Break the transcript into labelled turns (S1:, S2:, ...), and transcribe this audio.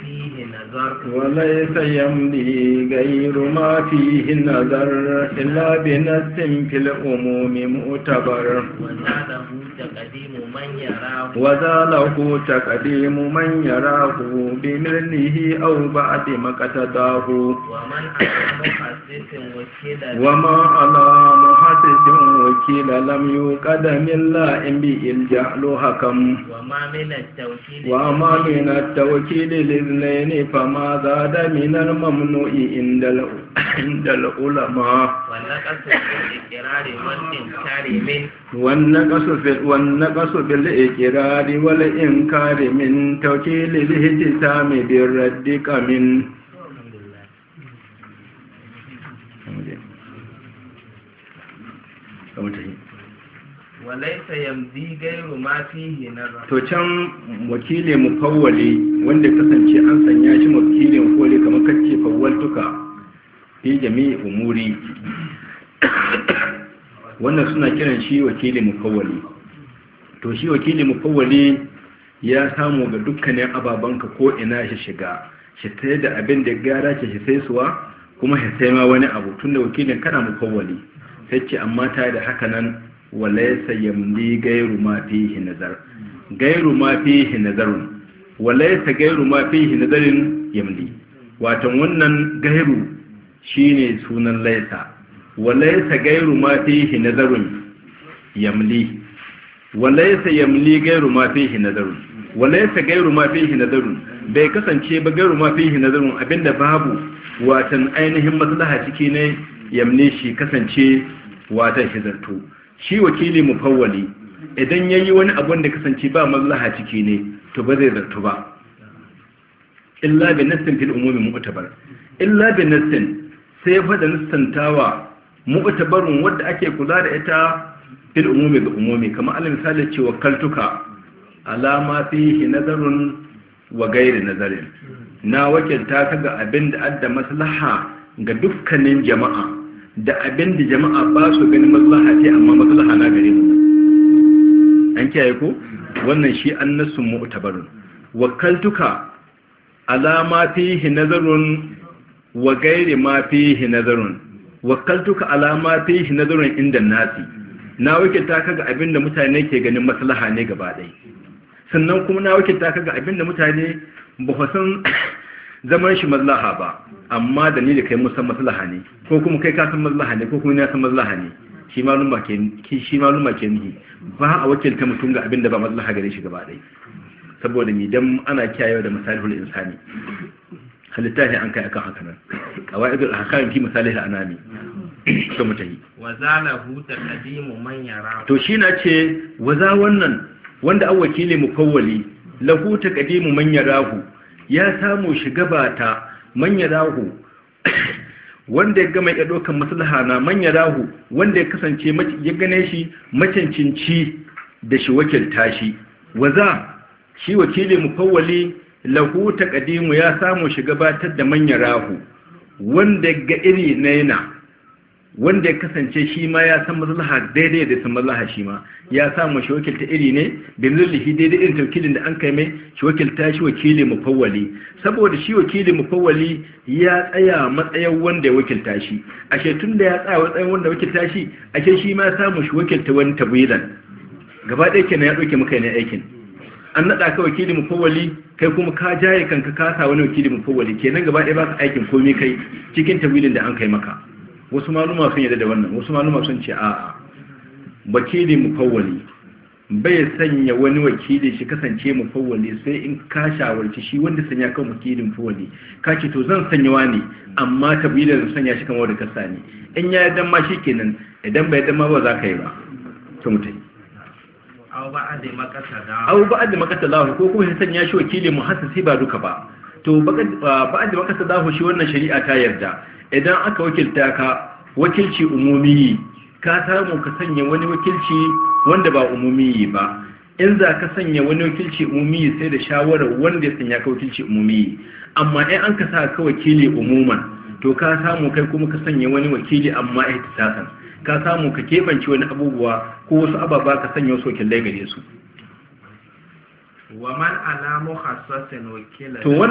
S1: فيه نظر وليس يمضي غير ما فيه نظر إلا بنس في الأموم مؤتبر وذاله تقديم من يراه وزاله بمرنه أو بعد ما مقتداه ومن على محسس وكذا وما على محسس nasisin wakila lam yi ƙada milla in bi ilja lohakan wa maminar tauki lilizna ne fa ma za da minar mamnu indal ulama wannan ƙasa ikirari wal in kari min tauki lilizita mai birraddika min kamar ta walaisa yamzi gairu ma fihi nazar to can wakile mufawwali wanda kasance an sanya shi wakilin kole kamar kace fawwaltuka fi jami'i umuri wannan suna kiran shi wakili mufawwali to shi wakili mufawwali ya samu ga dukkanin ababanka ko ina shi shiga shi tsaye da abin da gara ce shi sai suwa kuma shi sai ma wani abu tunda wakilin kana mufawwali yace amma ta da haka nan walaysa yamli gairu ma fihi nazar gairu ma fihi nazarun walaysa gairu ma fihi nazarin yamli watan wannan gairu shine sunan laisa walaysa gairu ma fihi nazarun yamli walaysa yamli gairu ma fihi nazarun walaysa gairu ma fihi nazarun bai kasance ba gairu ma fihi nazarun abinda babu watan ainihin maslaha ciki ne yamne shi kasance watan shi zarto shi wakili mufawwali idan yayi wani abu da kasance ba maslaha ciki ne to ba zai zarto ba illa bi nassin fil umumi mu'tabar illa bi nassin sai ya fada nassantawa mu'tabarun wanda ake kula da ita fil umumi ga umumi kamar alal misali cewa wakaltuka alama fihi nazarun wa ghairi nazarin na wakilta ka ga abin da adda maslaha ga dukkanin jama'a da abin da jama'a ba su ganin maslaha ce amma maslaha na gare mu an kiyaye ko wannan shi annasu mu'tabarun wakaltuka alama fihi nazarun wa gairi ma fihi nazarun wakaltuka alama fihi nazarun inda nasi na wakilta ta ga abin da mutane ke ganin maslaha ne gaba ɗaya sannan kuma na wakilta ta ga abin da mutane ba san zaman shi maslaha ba amma da ni da kai musan maslaha ne ko kuma kai ka san maslaha ne ko kuma ni san maslaha ne shi maluma ke shi maluma ke nihi ba a wakilta mutum ga abin da ba maslaha gare shi gaba dai saboda ni dan ana kiyaye da misalihul insani halitta ne an kai akan haka nan qawaidul ahkam fi misalihul anami to mutahi wazalahu taqdimu man yara to shi na ce waza wannan wanda an wakili mukawwali lahu taqdimu man yarahu ya samu shiga bata manya dahu wanda ya gama ya ɗaukan maslaha na manya dahu wanda ya kasance ya gane shi macincinci da shi wakilta shi waza shi wakili mufawwali lahu ya samu shi gabatar da manya rahu wanda ga iri na yana wanda ya kasance shi ma ya san maslaha daidai da san maslaha shi ma ya samu shi wakilta iri ne bin zullihi daidai irin wakilin da an kai mai shi wakilta shi wakili mafawali saboda shi wakili mafawali ya tsaya matsayin wanda ya wakilta shi a tun da ya tsaya matsayin wanda ya wakilta shi ke shi ma ya samu shi wakilta wani tabwilan gaba ɗaya kenan ya ɗauke maka ne aikin an naɗa ka wakili mafawali kai kuma ka jaye kanka ka sa wani wakili mafawali kenan gaba ɗaya ba ka aikin komai kai cikin tabwilin da an kai maka wasu maluma sun yadda da wannan wasu maluma sun ce a'a wakili mufawwali bai sanya wani wakili shi kasance mufawwali sai in ka shawarci shi wanda sanya kan wakilin mufawwali ka ce to zan sanya ne amma tabbilar zan sanya shi kamar wadda ka ne in ya yadda ma shi kenan idan bai yadda ma ba za ka yi ba to mutai au ba'ad makasa lahu ko kuma ya sanya shi wakili sai ba duka ba to ba'ad makasa lahu shi wannan shari'a ta yarda idan aka wakilta ka wakilci umumiyi ka samu ka sanya wani wakilci wanda ba umumiyi ba in za ka sanya wani wakilci umumiyi sai da shawarar wanda ya sanya ka wakilci umumiyi amma in an ka sa ka wakili umuman to ka samu kai kuma ka sanya wani wakili amma ta sasan ka samu ka kebanci wani abubuwa ko wasu ababa ka sanya wasu wakilai gare su wa man alamu khassasin to